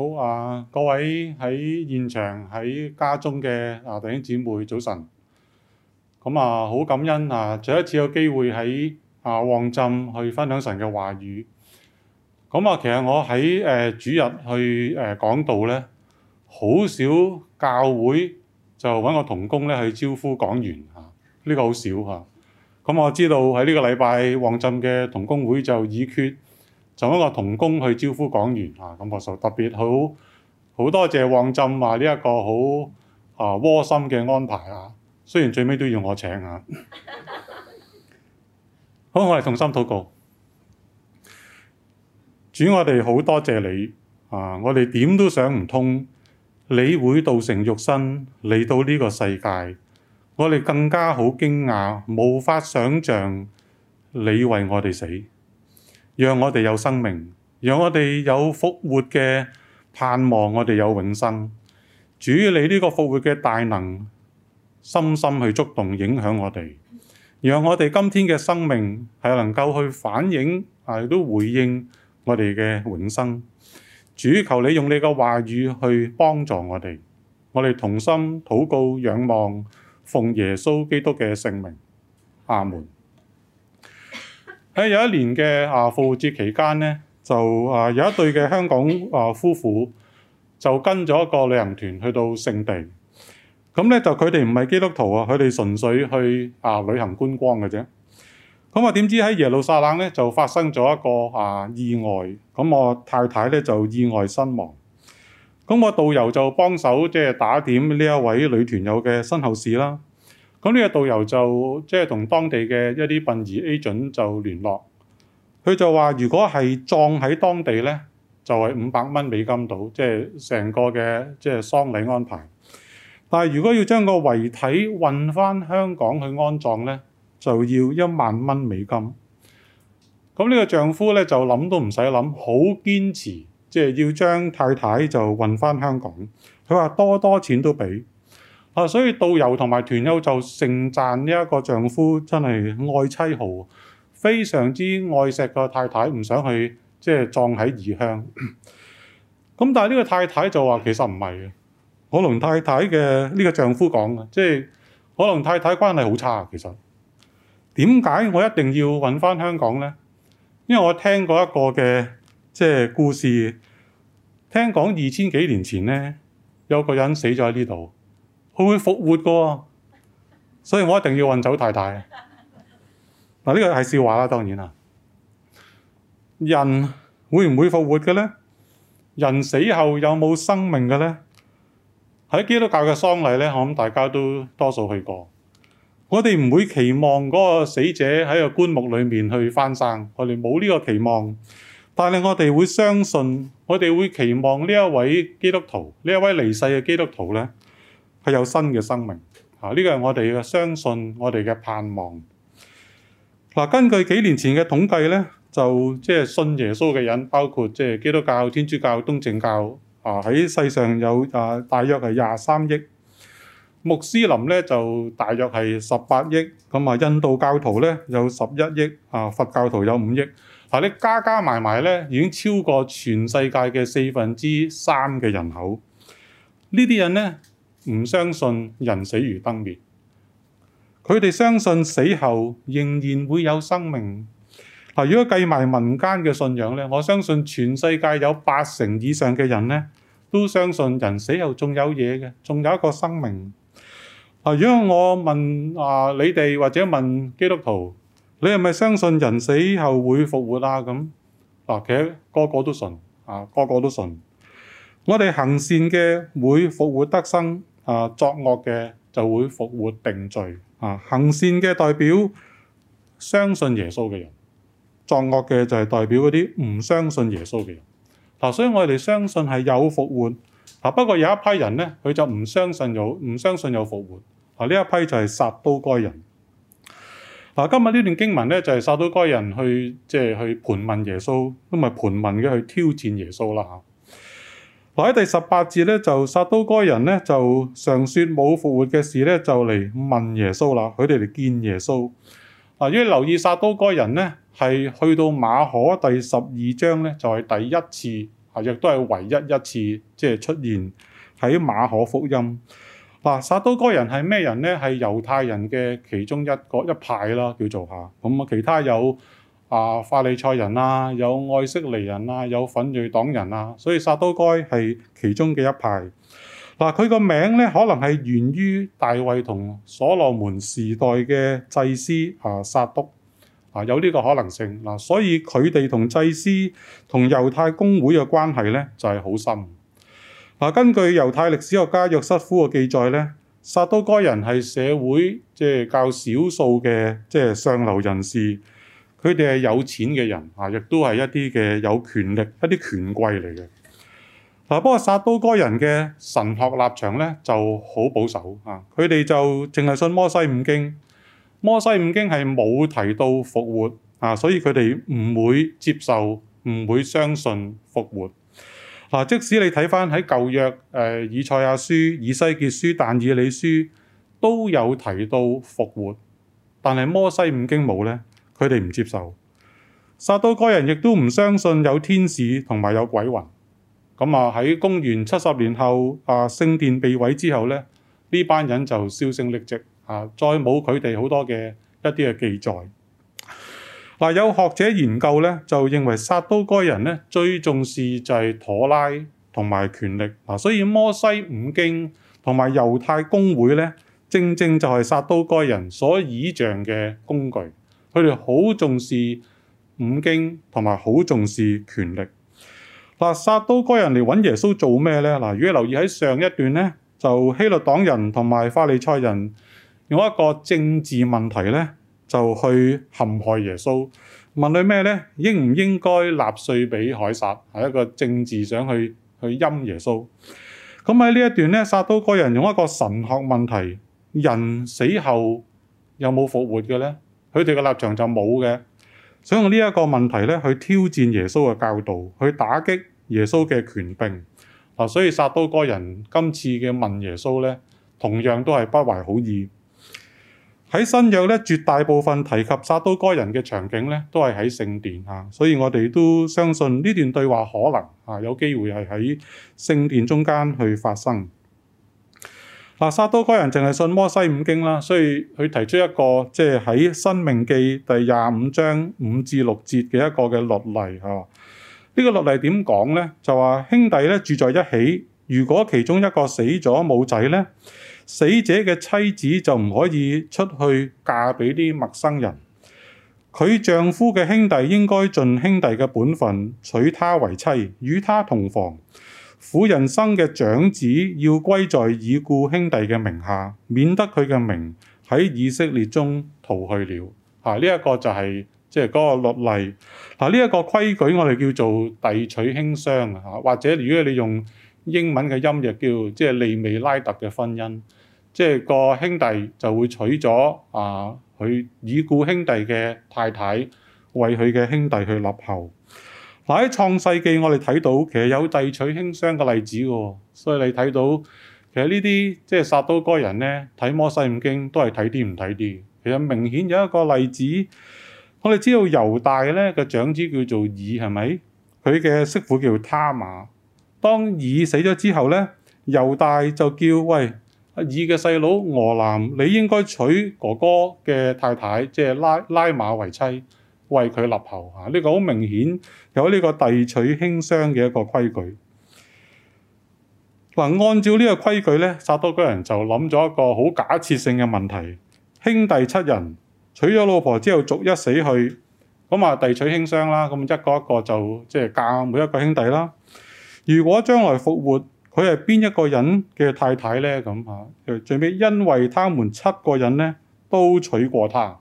好啊！各位喺現場、喺家中嘅啊弟兄姊妹，早晨。咁啊，好感恩啊！再一次有機會喺啊旺浸去分享神嘅話語。咁啊，其實我喺誒、呃、主日去誒講、呃、道咧，好少教會就揾我童工同工咧去招呼講完講員啊。呢、這個好少嚇。咁、啊啊、我知道喺呢個禮拜旺浸嘅童工會同工會就已決議決。從一個同工去招呼講員啊，咁我就特別好好多謝王振華呢一個好啊窩心嘅安排啊。雖然最尾都要我請啊， 好我哋同心禱告，主我哋好多謝你啊！我哋點都想唔通，你會道成肉身嚟到呢個世界，我哋更加好驚訝，無法想像你為我哋死。讓我哋有生命，讓我哋有復活嘅盼望，我哋有永生。主，你呢個復活嘅大能，深深去觸動、影響我哋，讓我哋今天嘅生命係能夠去反映，啊，亦都回應我哋嘅永生。主，求你用你嘅話語去幫助我哋，我哋同心禱告、仰望、奉耶穌基督嘅聖名，阿門。喺有一年嘅啊，復活節期間咧，就啊有一對嘅香港啊夫婦就跟咗一個旅行團去到聖地。咁咧就佢哋唔係基督徒啊，佢哋純粹去啊旅行觀光嘅啫。咁啊，點知喺耶路撒冷咧就發生咗一個啊意外，咁我太太咧就意外身亡。咁我導遊就幫手即係打點呢一位女團友嘅身後事啦。咁呢個導遊就即係同當地嘅一啲殯儀 agent 就聯絡，佢就話如果係葬喺當地咧，就係五百蚊美金到，即係成個嘅即係喪禮安排。但係如果要將個遺體運翻香港去安葬咧，就要一萬蚊美金。咁呢個丈夫咧就諗都唔使諗，好堅持即係、就係、要將太太就運翻香港。佢話多多錢都俾。所以導遊同埋團友就盛讚呢一個丈夫真係愛妻號，非常之愛錫個太太，唔想去即係葬喺異鄉。咁 但係呢個太太就話：其實唔係嘅。可能太太嘅呢個丈夫講嘅，即係可能太太關係好差。其實點解我一定要揾翻香港呢？因為我聽過一個嘅即係故事，聽講二千幾年前呢，有個人死咗喺呢度。佢會復活噶，所以我一定要運走太太。嗱，呢個係笑話啦，當然啦。人會唔會復活嘅咧？人死後有冇生命嘅咧？喺基督教嘅喪禮咧，我諗大家都多數去過。我哋唔會期望嗰個死者喺個棺木裏面去翻生，我哋冇呢個期望。但係我哋會相信，我哋會期望呢一位基督徒，呢一位離世嘅基督徒咧。佢有新嘅生命，啊呢個係我哋嘅相信，我哋嘅盼望。嗱、啊，根據幾年前嘅統計呢就即係信耶穌嘅人，包括即係基督教、天主教、東正教，啊喺世上有啊，大約係廿三億，穆斯林呢就大約係十八億，咁啊印度教徒呢有十一億，啊佛教徒有五億，嗱、啊、你加加埋埋呢，已經超過全世界嘅四分之三嘅人口。呢啲人呢，唔相信人死如燈滅，佢哋相信死後仍然會有生命。嗱，如果計埋民間嘅信仰咧，我相信全世界有八成以上嘅人咧都相信人死後仲有嘢嘅，仲有一個生命。嗱，如果我問啊你哋或者問基督徒，你係咪相信人死後會復活啊？咁嗱，其實個個都信啊，個個都信。我哋行善嘅會復活得生。啊！作惡嘅就會復活定罪。啊！行善嘅代表相信耶穌嘅人，作惡嘅就係代表嗰啲唔相信耶穌嘅人。嗱，所以我哋相信係有復活。啊，不過有一批人咧，佢就唔相信有唔相信有復活。啊，呢一批就係撒都該人。嗱，今日呢段經文咧就係撒都該人去，即係去盤問耶穌，咁啊盤問嘅去挑戰耶穌啦嚇。喺第十八節咧，就撒都該人咧就常説冇復活嘅事咧，就嚟問耶穌啦。佢哋嚟見耶穌。嗱，要留意撒都該人咧，係去到馬可第十二章咧，就係、是、第一次，亦都係唯一一次，即係出現喺馬可福音。嗱，撒都該人係咩人咧？係猶太人嘅其中一個一派啦，叫做下。咁啊，其他有。啊，法利賽人啊，有愛色尼人啊，有奮銳黨人啊，所以撒都該係其中嘅一派。嗱、啊，佢個名咧可能係源於大衛同所羅門時代嘅祭司啊，撒督啊，有呢個可能性。嗱、啊，所以佢哋同祭司同猶太公會嘅關係咧就係、是、好深。嗱、啊，根據猶太歷史學家約瑟夫嘅記載咧，撒都該人係社會即係、就是、較少數嘅即係上流人士。佢哋係有錢嘅人啊，亦都係一啲嘅有權力，一啲權貴嚟嘅嗱。不過，撒都該人嘅神學立場咧就好保守啊。佢哋就淨係信摩西五經，摩西五經係冇提到復活啊，所以佢哋唔會接受，唔會相信復活嗱、啊。即使你睇翻喺舊約誒、呃、以賽亞書、以西結書、但以理書都有提到復活，但係摩西五經冇咧。佢哋唔接受撒都該人，亦都唔相信有天使同埋有鬼魂。咁啊，喺公元七十年後啊，聖殿被毀之後咧，呢班人就銷聲匿跡啊，再冇佢哋好多嘅一啲嘅記載嗱。有學者研究咧，就認為撒都該人咧，最重視就係妥拉同埋權力嗱，所以摩西五經同埋猶太公會咧，正正就係撒都該人所倚仗嘅工具。佢哋好重視五經，同埋好重視權力。嗱，撒都該人嚟搵耶穌做咩呢？嗱，如果留意喺上一段呢，就希律黨人同埋法利賽人用一個政治問題呢，就去陷害耶穌，問佢咩呢？應唔應該納稅俾凱撒？係一個政治，想去去陰耶穌。咁喺呢一段呢，撒都該人用一個神學問題：人死後有冇復活嘅呢？佢哋嘅立場就冇嘅，想用呢一個問題咧去挑戰耶穌嘅教導，去打擊耶穌嘅權柄啊！所以撒都該人今次嘅問耶穌咧，同樣都係不懷好意。喺新約咧，絕大部分提及撒都該人嘅場景咧，都係喺聖殿啊。所以我哋都相信呢段對話可能啊，有機會係喺聖殿中間去發生。嗱，撒都該人淨係信摩西五經啦，所以佢提出一個即係喺《申命記》第廿五章五至六節嘅一個嘅律例啊。呢、這個律例點講呢？就話兄弟咧住在一起，如果其中一個死咗冇仔呢，死者嘅妻子就唔可以出去嫁俾啲陌生人。佢丈夫嘅兄弟應該盡兄弟嘅本分，娶她為妻，與她同房。苦人生嘅長子要歸在已故兄弟嘅名下，免得佢嘅名喺以色列中逃去了。嚇、啊，呢、這、一個就係、是、即係嗰個律例。嗱、啊，呢、這、一個規矩我哋叫做弟娶兄孀啊，或者如果你用英文嘅音譯就叫即係利未拉特嘅婚姻，即係個兄弟就會娶咗啊佢已故兄弟嘅太太，為佢嘅兄弟去立後。喺創世記，我哋睇到其實有弟娶兄嫂嘅例子嘅，所以你睇到其實呢啲即係撒都該人咧，睇摩西五經都係睇啲唔睇啲。其實明顯有一個例子，我哋知道猶大咧嘅長子叫做珥，係咪？佢嘅媳婦叫他瑪。當珥死咗之後咧，猶大就叫，喂，珥嘅細佬俄南，你應該娶哥哥嘅太太，即係拉拉瑪為妻。為佢立後嚇，呢個好明顯有呢個弟娶兄嫂嘅一個規矩。嗱、啊，按照呢個規矩咧，撒都該人就諗咗一個好假設性嘅問題：兄弟七人娶咗老婆之後逐一死去，咁啊弟娶兄嫂啦，咁一個一個就即係嫁每一個兄弟啦。如果將來復活，佢係邊一個人嘅太太咧？咁啊，最尾因為他們七個人咧都娶過她。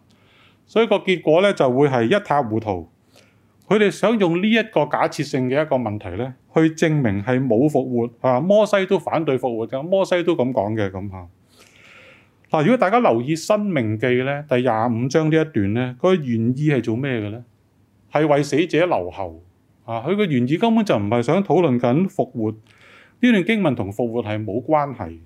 所以個結果咧就會係一塌糊塗。佢哋想用呢一個假設性嘅一個問題咧，去證明係冇復活啊。摩西都反對復活嘅，摩西都咁講嘅咁吓。嗱、啊，如果大家留意《申命記》咧，第廿五章呢一段咧，佢、嗰個、原意係做咩嘅咧？係為死者留後啊！佢個原意根本就唔係想討論緊復活呢段經文，同復活係冇關係。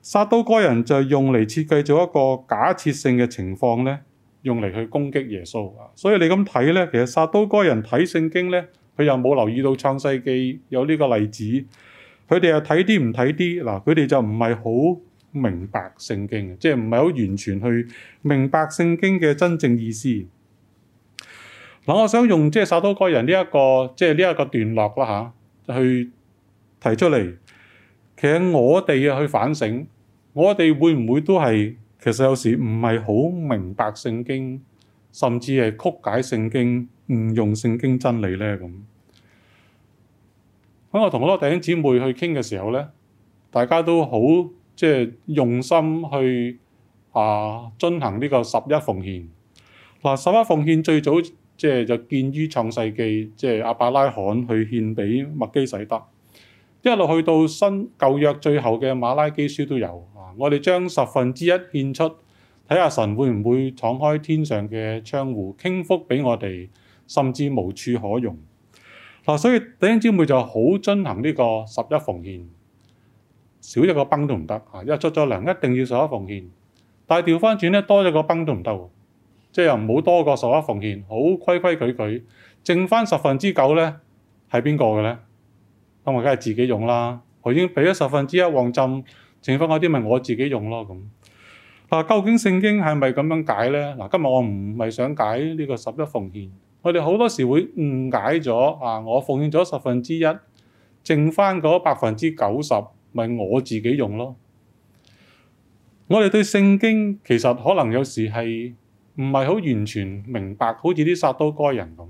撒都該人就用嚟設計咗一個假設性嘅情況咧。用嚟去攻擊耶穌啊！所以你咁睇咧，其實撒都該人睇聖經咧，佢又冇留意到創世記有呢個例子，佢哋又睇啲唔睇啲嗱，佢哋就唔係好明白聖經即係唔係好完全去明白聖經嘅真正意思嗱。我想用即係撒都該人呢、這、一個即係呢一個段落啦嚇、啊，去提出嚟，其實我哋啊去反省，我哋會唔會都係？其實有時唔係好明白聖經，甚至係曲解聖經，誤用聖經真理咧咁。喺我同好多弟兄姊妹去傾嘅時候咧，大家都好即係用心去啊進行呢個十一奉獻。嗱，十一奉獻最早即係就建於創世記，即係阿伯拉罕去獻俾麥基洗德，一路去到新舊約最後嘅馬拉基書都有。我哋將十分之一獻出，睇下神會唔會敞開天上嘅窗戶傾福俾我哋，甚至無處可容。嗱、啊，所以弟兄姊妹就好遵行呢個十一奉獻，少一個崩都唔得啊！一出咗糧一定要十一奉獻，但係調翻轉咧，多咗個崩都唔得，即係又唔好多過十一奉獻，好規規矩矩，剩翻十分之九咧，係邊個嘅咧？咁啊，梗係自己用啦。我已經俾咗十分之一往浸。剩翻嗰啲咪我自己用咯咁。嗱，究竟聖經係咪咁樣解咧？嗱，今日我唔係想解呢個十一奉獻。我哋好多時會誤解咗啊！我奉獻咗十分之一，剩翻嗰百分之九十咪、就是、我自己用咯。我哋對聖經其實可能有時係唔係好完全明白，好似啲撒都該人咁。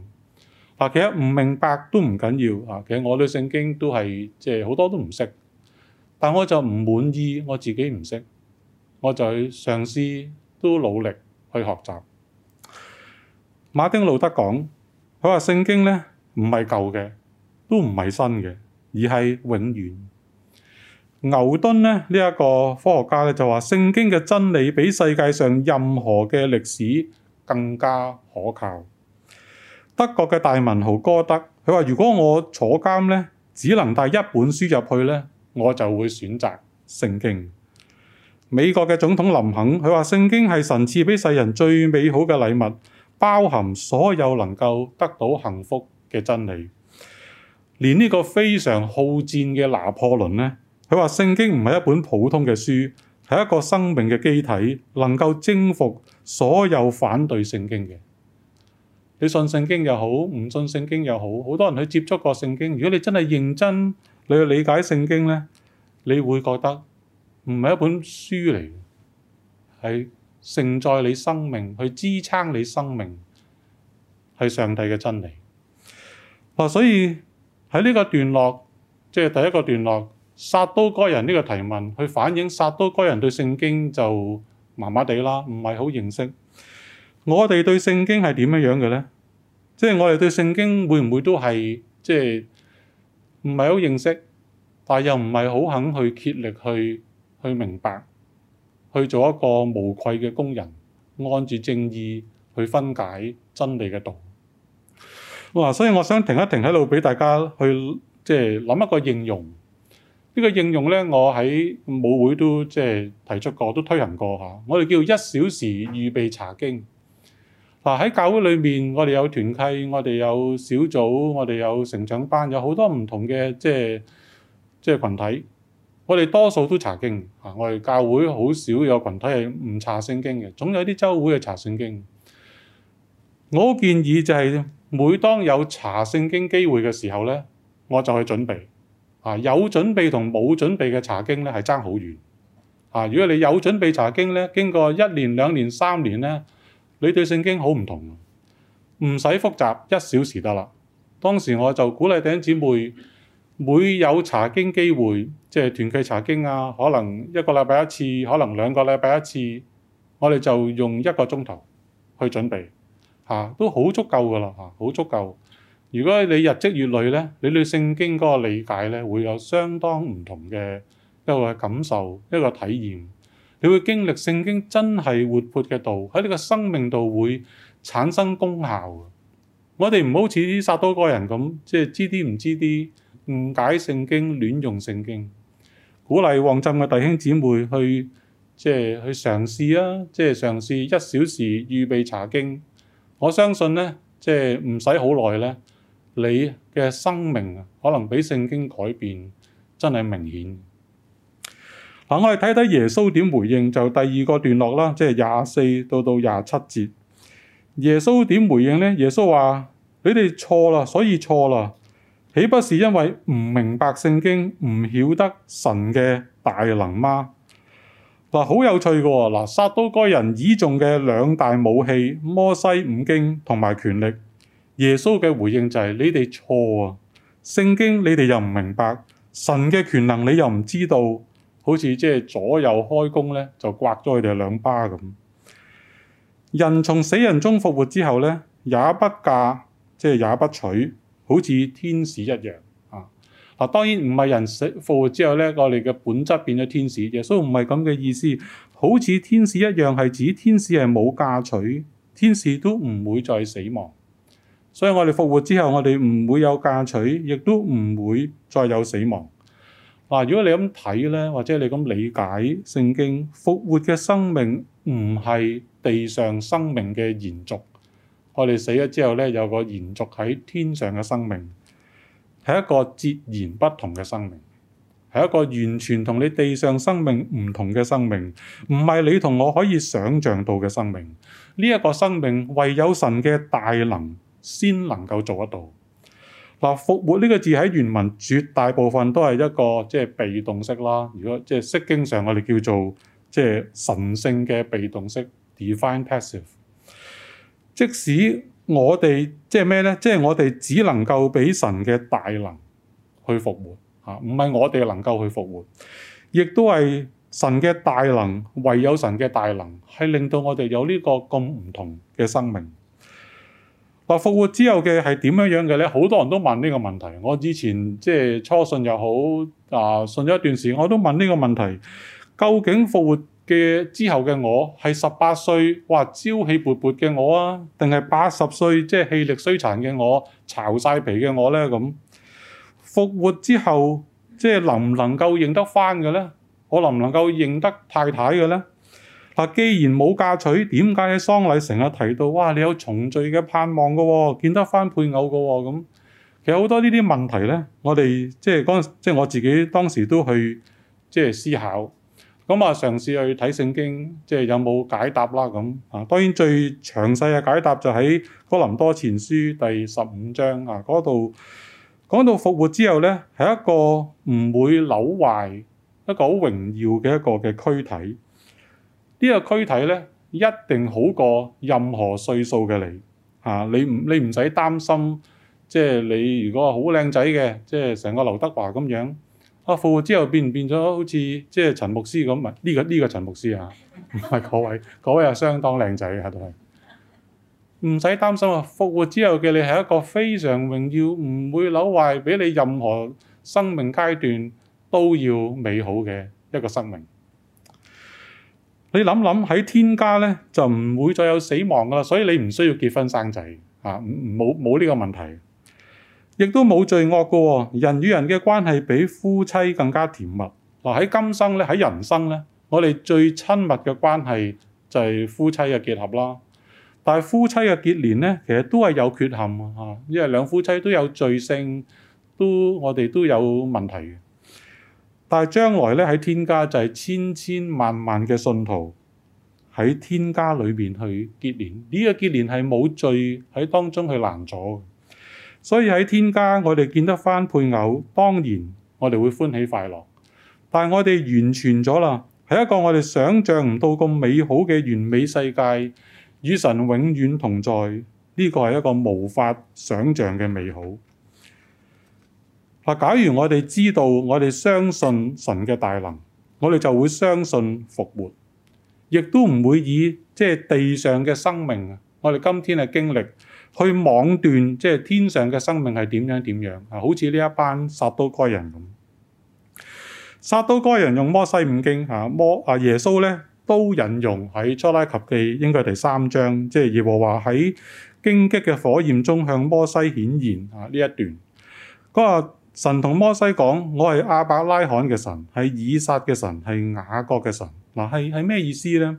嗱，其實唔明白都唔緊要啊。其實我對聖經都係即係好多都唔識。但我就唔滿意，我自己唔識，我就去嘗試都努力去學習。馬丁路德講：佢話聖經呢，唔係舊嘅，都唔係新嘅，而係永遠。牛頓呢，呢一個科學家咧，就話聖經嘅真理比世界上任何嘅歷史更加可靠。德國嘅大文豪歌德，佢話：如果我坐監呢，只能帶一本書入去呢。我就會選擇聖經。美國嘅總統林肯，佢話：聖經係神賜俾世人最美好嘅禮物，包含所有能夠得到幸福嘅真理。連呢個非常好戰嘅拿破崙呢，佢話聖經唔係一本普通嘅書，係一個生命嘅機體，能夠征服所有反對聖經嘅。你信聖經又好，唔信聖經又好，好多人去接觸過聖經。如果你真係認真，你去理解聖經咧，你會覺得唔係一本書嚟，係承載你生命，去支撐你生命，係上帝嘅真理。嗱，所以喺呢個段落，即係第一個段落，撒都該人呢個提問，去反映撒都該人對聖經就麻麻地啦，唔係好認識。我哋對聖經係點樣樣嘅咧？即係我哋對聖經會唔會都係即係？唔係好認識，但又唔係好肯去竭力去去明白，去做一個無愧嘅工人，按住正義去分解真理嘅毒。哇！所以我想停一停喺度，俾大家去即係諗一個應用。呢、呢個應用呢，我喺舞會都即係、即係、提出過，都推行過嚇。我哋叫一小時預備查經。嗱，喺教會裏面，我哋有團契，我哋有小組，我哋有成長班，有好多唔同嘅即係即係羣體。我哋多數都查經，啊！我哋教會好少有群體係唔查聖經嘅。總有啲週會係查聖經。我建議就係每當有查聖經機會嘅時候咧，我就去準備。啊，有準備同冇準備嘅查經咧，係爭好遠。啊，如果你有準備查經咧，經過一年、兩年、三年咧。你對聖經好唔同，唔使複雜，一小時得啦。當時我就鼓勵弟兄姊妹，每有查經機會，即係團契查經啊，可能一個禮拜一次，可能兩個禮拜一次，我哋就用一個鐘頭去準備，嚇、啊、都好足夠噶啦，嚇、啊、好足夠。如果你日積月累呢，你對聖經嗰個理解呢，會有相當唔同嘅一個感受，一個體驗。你會經歷聖經真係活潑嘅道，喺你個生命度會產生功效。我哋唔好似撒都該人咁，即係知啲唔知啲，誤解聖經、亂用聖經。鼓勵王振嘅弟兄姊妹去即係去嘗試啊！即係嘗試一小時預備查經。我相信咧，即係唔使好耐咧，你嘅生命可能俾聖經改變真係明顯。嗱，我哋睇睇耶穌點回應，就第二個段落啦，即係廿四到到廿七節。耶穌點回應咧？耶穌話：你哋錯啦，所以錯啦，豈不是因為唔明白聖經，唔曉得神嘅大能嗎？嗱，好有趣噶喎！嗱，撒都該人倚重嘅兩大武器——摩西五經同埋權力，耶穌嘅回應就係：你哋錯啊！聖經你哋又唔明白，神嘅權能你又唔知道。好似即係左右開弓咧，就刮咗佢哋兩巴咁。人從死人中復活之後咧，也不嫁，即係也不娶，好似天使一樣啊！嗱，當然唔係人死復活之後咧，我哋嘅本質變咗天使啫，所以唔係咁嘅意思。好似天使一樣，係指天使係冇嫁娶，天使都唔會再死亡。所以我哋復活之後，我哋唔會有嫁娶，亦都唔會再有死亡。嗱，如果你咁睇咧，或者你咁理解聖經，復活嘅生命唔係地上生命嘅延續。我哋死咗之後咧，有個延續喺天上嘅生命，係一個截然不同嘅生命，係一個完全同你地上生命唔同嘅生命，唔係你同我可以想像到嘅生命。呢一個生命唯有神嘅大能先能夠做得到。嗱復活呢個字喺原文絕大部分都係一個即係被動式啦。如果即係《釋經》上，我哋叫做即係神性嘅被動式 （define passive）。Def Pass ive, 即使我哋即係咩咧？即、就、係、是就是、我哋只能夠俾神嘅大能去復活，嚇唔係我哋能夠去復活，亦都係神嘅大能，唯有神嘅大能係令到我哋有呢個咁唔同嘅生命。嗱，復活之後嘅係點樣樣嘅咧？好多人都問呢個問題。我之前即係初信又好，啊，信咗一段時間，我都問呢個問題：究竟復活嘅之後嘅我係十八歲或朝氣勃勃嘅我啊，定係八十歲即係氣力衰殘嘅我、巢晒皮嘅我咧？咁復活之後，即係能唔能夠認得翻嘅咧？我能唔能夠認得太太嘅咧？啊！既然冇嫁娶，點解喺喪禮成日提到？哇！你有重聚嘅盼望㗎喎、哦，見得返配偶㗎喎咁。其實好多呢啲問題咧，我哋即係當即係我自己當時都去即係思考，咁、嗯、啊嘗試去睇聖經，即係有冇解答啦咁、嗯、啊！當然最詳細嘅解答就喺哥林多前書第十五章啊嗰度講到復活之後咧，係一個唔會扭壞一個好榮耀嘅一個嘅軀體。呢個軀體呢，一定好過任何歲數嘅你嚇、啊，你唔你唔使擔心，即係你如果好靚仔嘅，即係成個劉德華咁樣、啊，復活之後變唔變咗好似即係陳牧師咁？唔、這、呢個呢、呢個陳牧師啊，唔係嗰位，嗰位係相當靚仔啊，都係唔使擔心啊，復活之後嘅你係一個非常榮耀，唔會扭壞俾你任何生命階段都要美好嘅一個生命。你諗諗喺天家咧，就唔會再有死亡噶啦，所以你唔需要結婚生仔啊，冇冇呢個問題，亦都冇罪惡噶。人與人嘅關係比夫妻更加甜蜜。嗱喺今生咧，喺人生咧，我哋最親密嘅關係就係夫妻嘅結合啦。但係夫妻嘅結連咧，其實都係有缺陷啊，因為兩夫妻都有罪性，都我哋都有問題嘅。但係將來咧喺天家就係千千萬萬嘅信徒喺天家裏邊去結連，呢個結連係冇罪喺當中去攔阻，所以喺天家我哋見得翻配偶，當然我哋會歡喜快樂。但係我哋完全咗啦，係一個我哋想像唔到咁美好嘅完美世界，與神永遠同在。呢個係一個無法想像嘅美好。嗱，假如我哋知道我哋相信神嘅大能，我哋就會相信復活，亦都唔會以即係地上嘅生命啊，我哋今天嘅經歷去妄斷即係天上嘅生命係點樣點樣啊，好似呢一班撒都該人咁。撒都該人用摩西五經嚇摩啊，耶穌咧都引用喺出埃及記應該第三章，即係耶和華喺荊棘嘅火焰中向摩西顯現啊呢一段嗰神同摩西講：我係亞伯拉罕嘅神，係以撒嘅神，係雅各嘅神。嗱，係係咩意思咧？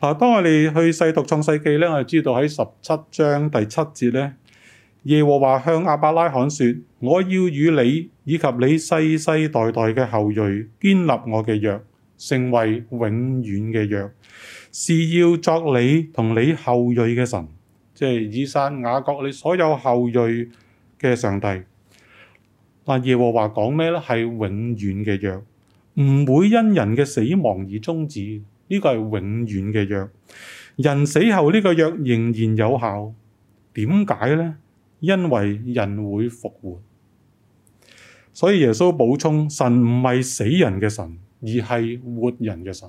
嗱，當我哋去細讀創世記咧，我就知道喺十七章第七節咧，耶和華向亞伯拉罕説：我要與你以及你世世代代嘅後裔建立我嘅約，成為永遠嘅約，是要作你同你後裔嘅神，即係以撒、雅各你所有後裔嘅上帝。但耶和華講咩咧？係永遠嘅約，唔會因人嘅死亡而終止。呢個係永遠嘅約，人死後呢個約仍然有效。點解咧？因為人會復活。所以耶穌補充：神唔係死人嘅神，而係活人嘅神。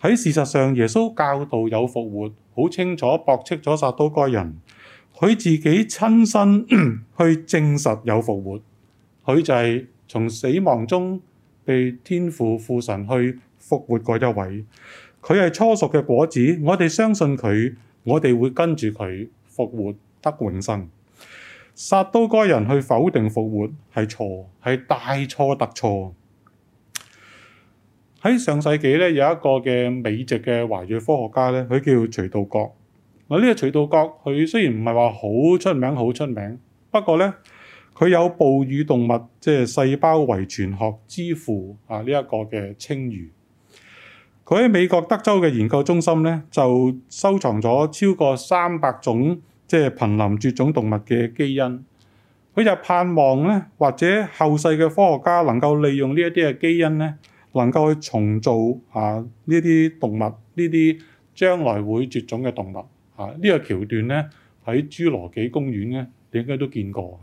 喺事實上，耶穌教導有復活，好清楚駁斥咗撒都該人。佢自己親身 去證實有復活，佢就係從死亡中被天父父神去復活嗰一位。佢係初熟嘅果子，我哋相信佢，我哋會跟住佢復活得永生。撒都該人去否定復活係錯，係大錯特錯。喺上世紀咧，有一個嘅美籍嘅華裔科學家咧，佢叫徐道覺。我呢個徐道覺，佢雖然唔係話好出名，好出名，不過咧，佢有哺乳動物即係細胞遺傳學之父啊！呢一個嘅稱譽。佢喺美國德州嘅研究中心咧，就收藏咗超過三百種即係瀕臨絕種動物嘅基因。佢就盼望咧，或者後世嘅科學家能夠利用呢一啲嘅基因咧，能夠去重造啊呢啲動物，呢啲將來會絕種嘅動物。啊！個橋呢個橋段咧喺侏羅紀公園咧，你應該都見過。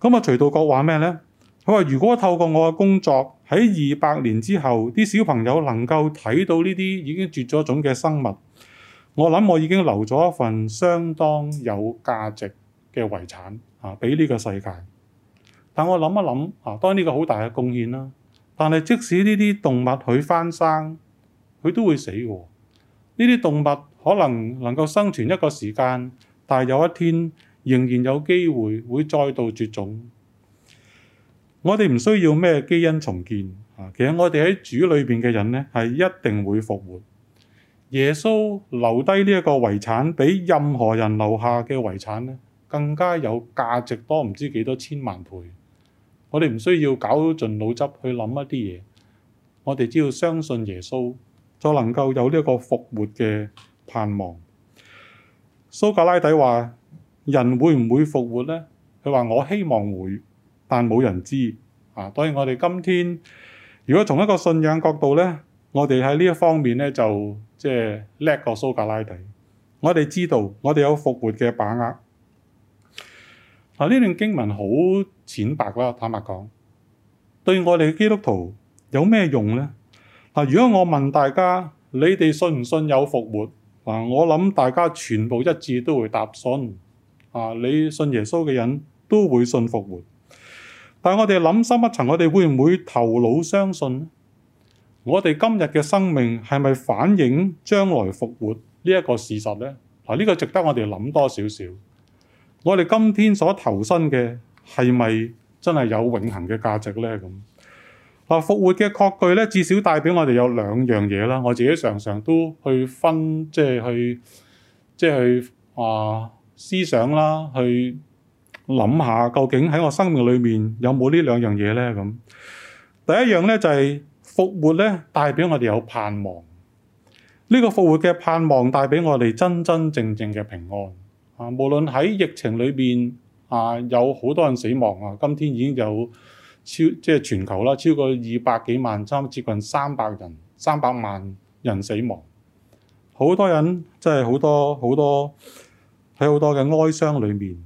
咁啊，徐道國話咩咧？佢話：如果透過我嘅工作喺二百年之後，啲小朋友能夠睇到呢啲已經絕咗種嘅生物，我諗我已經留咗一份相當有價值嘅遺產啊，俾呢個世界。但我諗一諗啊，當然呢個好大嘅貢獻啦。但係即使呢啲動物佢翻生，佢都會死嘅。呢啲動物。可能能夠生存一個時間，但係有一天仍然有機會會再度絕種。我哋唔需要咩基因重建啊！其實我哋喺主裏邊嘅人咧，係一定會復活。耶穌留低呢一個遺產比任何人留下嘅遺產咧，更加有價值多唔知幾多千萬倍。我哋唔需要搞盡腦汁去諗一啲嘢，我哋只要相信耶穌，就能夠有呢一個復活嘅盼望蘇格拉底話：人會唔會復活呢？佢話我希望會，但冇人知啊。當然我哋今天如果從一個信仰角度咧，我哋喺呢一方面咧就即係叻過蘇格拉底。我哋知道我哋有復活嘅把握。嗱、啊，呢段經文好淺白啦、啊，坦白講，對我哋基督徒有咩用呢？嗱、啊，如果我問大家，你哋信唔信有復活？嗱，我諗大家全部一致都會答信，啊，你信耶穌嘅人都會信復活。但係我哋諗深一層，我哋會唔會頭腦相信？我哋今日嘅生命係咪反映將來復活呢一個事實呢？嗱，呢個值得我哋諗多少少。我哋今天所投身嘅係咪真係有永恆嘅價值呢？咁，復活嘅確據咧，至少代表我哋有兩樣嘢啦。我自己常常都去分，即係去，即係話，啊、思想啦，去諗下究竟喺我生命裏面有冇呢兩樣嘢咧？咁第一樣咧就係，是，復活咧，代表我哋有盼望。呢，這個復活嘅盼望帶俾我哋真真正正嘅平安。啊，無論喺疫情裏邊啊，有好多人死亡啊，今天已經有。超即係全球啦，超過二百幾萬，差接近三百人，三百萬人死亡。好多人即係好多好多喺好多嘅哀傷裡面，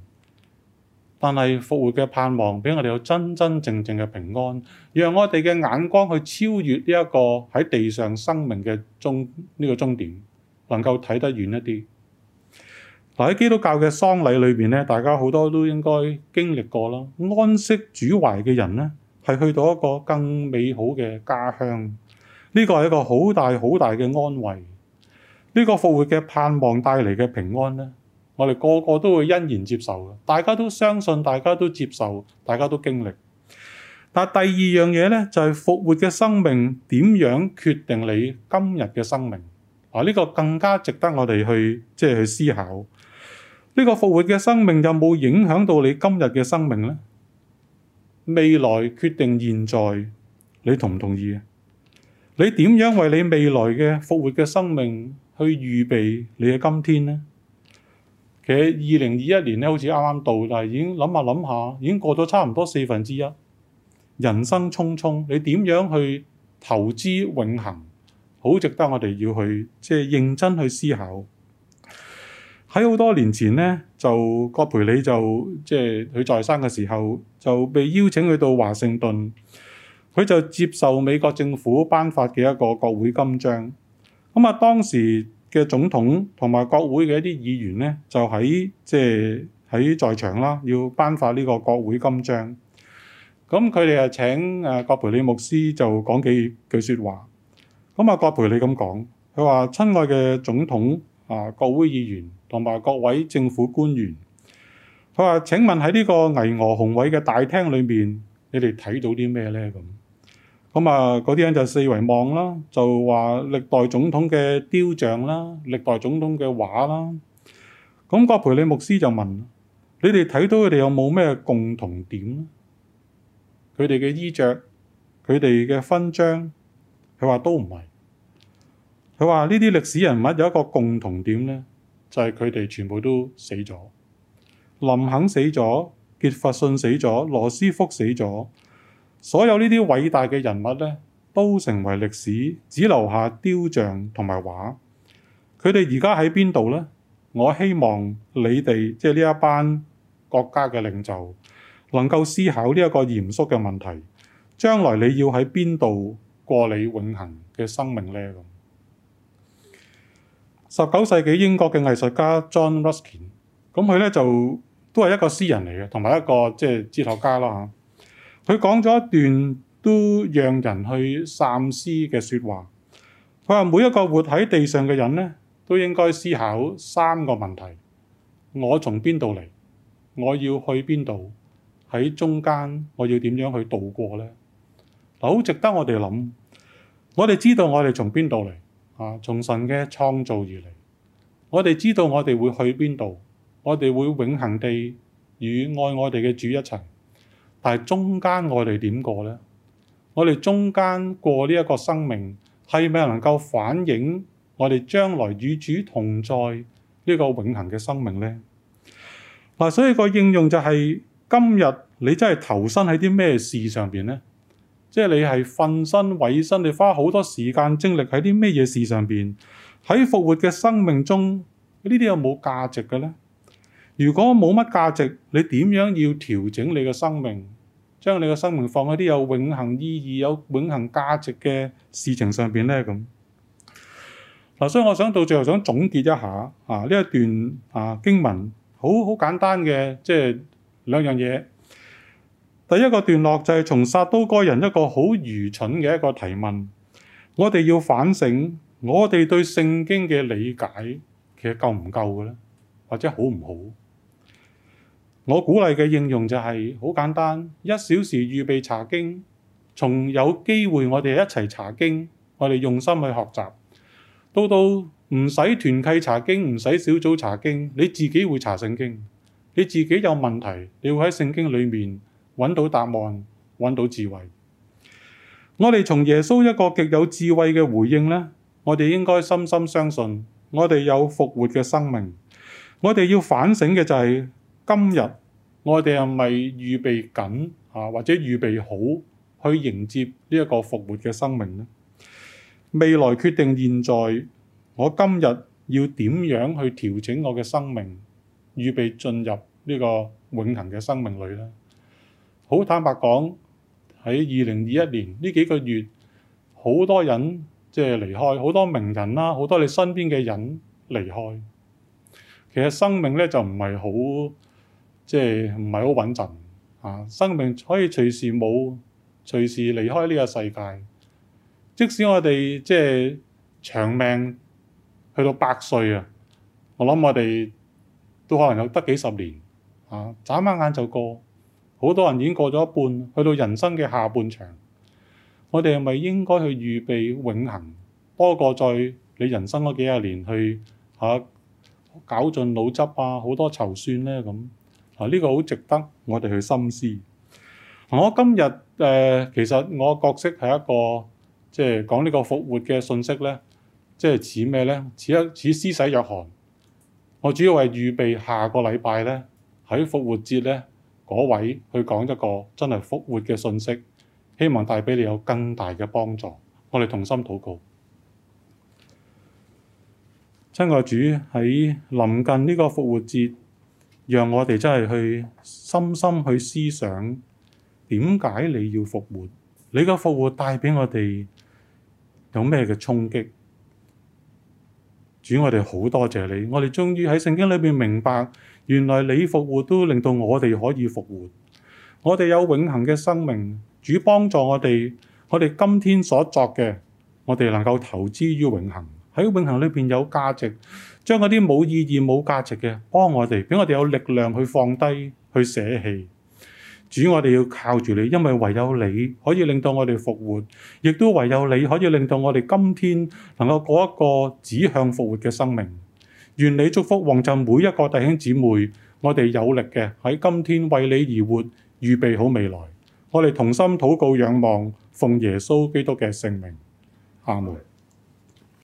但係復活嘅盼望俾我哋有真真正正嘅平安，讓我哋嘅眼光去超越呢一個喺地上生命嘅終呢個終點，能夠睇得遠一啲。喺基督教嘅喪禮裏邊咧，大家好多都應該經歷過啦。安息主懷嘅人咧，係去到一個更美好嘅家鄉，呢個係一個好大好大嘅安慰。呢個復活嘅盼望帶嚟嘅平安咧，我哋個個都會欣然接受。大家都相信，大家都接受，大家都經歷。但第二樣嘢咧，就係復活嘅生命點樣決定你今日嘅生命？啊，呢個更加值得我哋去即係去思考。呢個復活嘅生命有冇影響到你今日嘅生命呢？未來決定現在，你同唔同意啊？你點樣為你未來嘅復活嘅生命去預備你嘅今天呢？其實二零二一年咧，好似啱啱到，但係已經諗下諗下，已經過咗差唔多四分之一。人生匆匆，你點樣去投資永恆？好值得我哋要去即係、就是、認真去思考。喺好多年前呢，就葛培理就即係佢在生嘅時候，就被邀請去到華盛頓，佢就接受美國政府頒發嘅一個國會金章。咁啊，當時嘅總統同埋國會嘅一啲議員呢，就喺即係喺在場啦，要頒發呢個國會金章。咁佢哋啊，請誒葛培理牧師就講幾句說話。咁啊，葛培理咁講，佢話：親愛嘅總統啊，國會議員，同埋各位政府官員，佢話：請問喺呢個巍峨雄偉嘅大廳裏面，你哋睇到啲咩呢？咁咁啊，嗰啲人就四圍望啦，就話歷代總統嘅雕像啦，歷代總統嘅畫啦。咁葛培理牧師就問：你哋睇到佢哋有冇咩共同點？佢哋嘅衣着，佢哋嘅勳章，佢話都唔係。佢話呢啲歷史人物有一個共同點呢。」但佢哋全部都死咗，林肯死咗，傑佛遜死咗，羅斯福死咗，所有呢啲偉大嘅人物咧，都成為歷史，只留下雕像同埋畫，佢哋而家喺邊度咧？我希望你哋即係呢一班國家嘅領袖，能夠思考呢一個嚴肅嘅問題，將來你要喺邊度過你永恆嘅生命咧？咁。十九世紀英國嘅藝術家 John Ruskin，咁佢咧就都係一個詩人嚟嘅，同埋一個即係哲學家啦嚇。佢講咗一段都讓人去三思嘅説話。佢話每一個活喺地上嘅人咧，都應該思考三個問題：我從邊度嚟？我要去邊度？喺中間我要點樣去度過咧？好值得我哋諗。我哋知道我哋從邊度嚟？啊！從神嘅創造而嚟，我哋知道我哋會去邊度，我哋會永恆地與愛我哋嘅主一齊。但係中間我哋點過呢？我哋中間過呢一個生命係咪能夠反映我哋將來與主同在呢個永恆嘅生命呢？嗱，所以個應用就係，今日你真係投身喺啲咩事上邊呢？.即係你係瞓身委身，你花好多時間精力喺啲咩嘢事上邊？喺復活嘅生命中，呢啲有冇價值嘅呢？如果冇乜價值，你點樣要調整你嘅生命，將你嘅生命放喺啲有永恆意義、有永恆價值嘅事情上邊呢？咁嗱、啊，所以我想到最後想總結一下啊呢一段啊經文，好好簡單嘅，即係兩樣嘢。第一個段落就係從撒都該人一個好愚蠢嘅一個提問，我哋要反省我哋對聖經嘅理解其實夠唔夠嘅咧，或者好唔好？我鼓勵嘅應用就係好簡單，一小時預備查經，從有機會我哋一齊查經，我哋用心去學習，到到唔使團契查經，唔使小組查經，你自己會查聖經，你自己有問題，你會喺聖經裡面揾到答案，揾到智慧。我哋從耶穌一個極有智慧嘅回應咧，我哋應該深深相信，我哋有復活嘅生命。我哋要反省嘅就係、是、今日我哋係咪預備緊啊，或者預備好去迎接呢一個復活嘅生命咧？未來決定現在，我今日要點樣去調整我嘅生命，預備進入呢個永恆嘅生命裏咧？好坦白講，喺二零二一年呢幾個月，好多人即係離開，好多名人啦，好多你身邊嘅人離開。其實生命咧就唔係好，即係唔係好穩陣啊！生命可以隨時冇，隨時離開呢個世界。即使我哋即係長命去到百歲啊，我諗我哋都可能有得幾十年啊，眨下眼就過。好多人已經過咗一半，去到人生嘅下半場，我哋係咪應該去預備永恆，多過在你人生嗰幾廿年去嚇、啊、搞盡腦汁啊，好多籌算呢？咁啊？呢、呢個好值得我哋去深思。我今日誒、呃，其實我角色係一個即係、就是、講呢個復活嘅信息呢，即、就、係、是、似咩呢？似一似施洗約翰。我主要係預備下個禮拜呢，喺復活節呢。嗰位去講一個真係復活嘅信息，希望帶俾你有更大嘅幫助。我哋同心禱告，親愛主喺臨近呢個復活節，讓我哋真係去深深去思想，點解你要復活？你嘅復活帶俾我哋有咩嘅衝擊？主，我哋好多謝你，我哋終於喺聖經裏面明白，原來你復活都令到我哋可以復活，我哋有永恆嘅生命。主幫助我哋，我哋今天所作嘅，我哋能夠投資於永恆，喺永恆裏邊有價值。將嗰啲冇意義、冇價值嘅，幫我哋，俾我哋有力量去放低、去捨棄。主，我哋要靠住你，因為唯有你可以令到我哋復活，亦都唯有你可以令到我哋今天能夠過一個指向復活嘅生命。願你祝福黃振每一個弟兄姊妹，我哋有力嘅喺今天為你而活，預備好未來。我哋同心禱告，仰望奉耶穌基督嘅聖名，阿門。